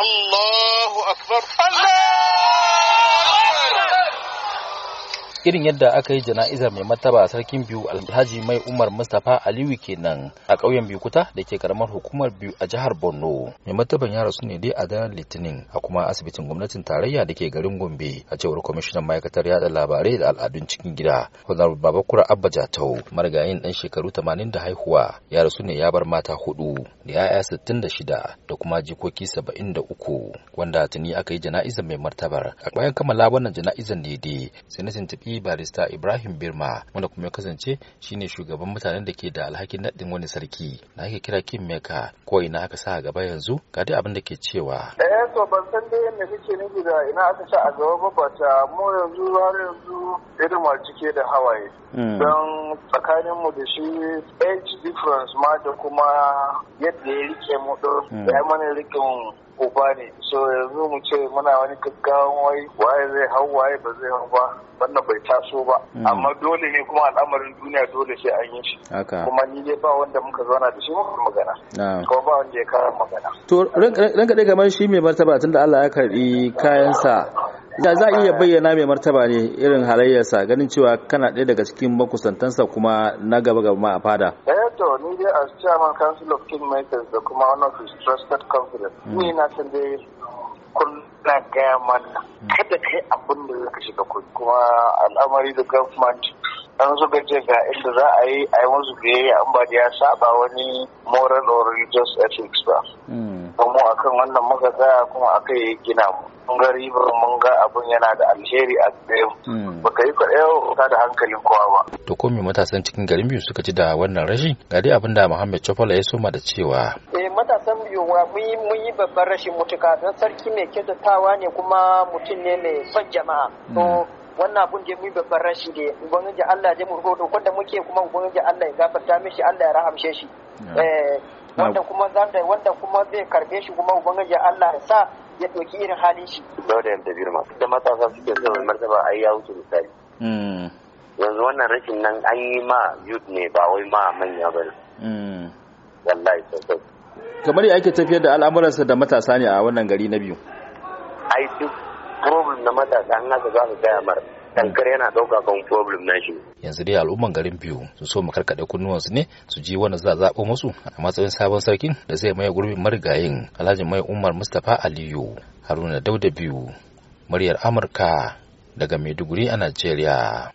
الله أكبر الله irin yadda aka yi jana'izar mai martaba sarkin biyu alhaji mai umar mustapha aliyu kenan a ƙauyen bikuta da ke karamar hukumar biyu a jihar borno mai martaban ya rasu ne dai a daren litinin a kuma asibitin gwamnatin tarayya da ke garin gombe a cewar kwamishinan ma'aikatar yada labarai da al'adun cikin gida honar babakura abba jatau marigayin dan shekaru tamanin da haihuwa ya rasu ne ya bar mata hudu da ya'ya sittin da shida da kuma jikoki saba'in da uku wanda tuni aka yi jana'izar mai martabar a bayan kammala wannan jana'izar ne dai sai na tuntuɓi barista Ibrahim Birma wanda kuma ya kasance shine shugaban mutanen da ke da alhakin naɗin wani sarki Na yake kira Kim meka. ko ina aka sa a gaba yanzu ga dai abin da ke cewa. Eh to ban san dai yadda kake nufi da ina aka sa a gaba ba ta uh, mu yanzu har yanzu irin cike da hawaye. Hmm. Don mu da shi age difference ma da kuma yadda ya rike mu hmm. ya mana rikin uba ne so yanzu mu ce muna wani gaggawan wai waye zai hau waye ba zai hau ba wannan bai taso ba hmm. amma dole ne kuma al'amarin duniya dole sai an yi shi kuma ni dai ba wanda muka zauna da shi muka magana kuma ba wanda ya kara magana to ranka dai kamar shi mai martaba tunda Allah ya karbi kayansa da za a iya bayyana mai martaba ne irin halayyarsa ganin cewa kana ɗaya daga cikin makusantansa kuma na gaba gaba ma a fada. Eh to ni dai as chairman council of kingmakers da kuma one of his trusted confidence. Hmm. Ni na san dai ina gaya mana kada yi abin da zaka shiga kuɗi kuma al'amari da government an zo gaje ga inda za a yi a yi musu biyayya an ba da ya saba wani moral or religious ethics ba. Kuma hmm. akan wannan muka tsaya kuma aka yi gina mu. Mun ga ribar mun ga abin yana da alheri a tsayin. Hmm. Baka yi kwaɗaya ta da hankalin kowa ba. To ko me matasan cikin garin biyu suka ci da wannan rashin? Ga dai abin da Muhammad Chopola ya soma da cewa. Eh, san yiwuwa mun yi babban rashin mutuka don sarki mai kyautatawa ne kuma mutum ne mai son jama'a to wannan abun da mun babban rashi ne ubangiji Allah ya murgo dokar da muke kuma ubangiji Allah ya gafarta mishi Allah ya rahamshe shi eh, wanda kuma zanda wanda kuma zai karbe shi kuma ubangiji Allah ya sa ya doki irin halin shi da da dabir ma da matasa suke son mai martaba ai ya wuce misali hmm. yanzu wannan rashin nan an yi ma youth ne ba wai ma manya bane hmm. wallahi sosai kamar ya ake tafiyar da al'amuransa da matasa ne a wannan gari na biyu ai duk problem na matasa an haka za su gaya mara tankar yana ɗauka kan problem na shi yanzu dai al'umman garin biyu su so mu karkaɗe kunnuwansu ne su ji wanda za zaɓo musu a matsayin sabon sarkin da zai maye gurbin marigayin alhaji mai umar mustapha aliyu haruna dauda biyu muryar amurka daga maiduguri a najeriya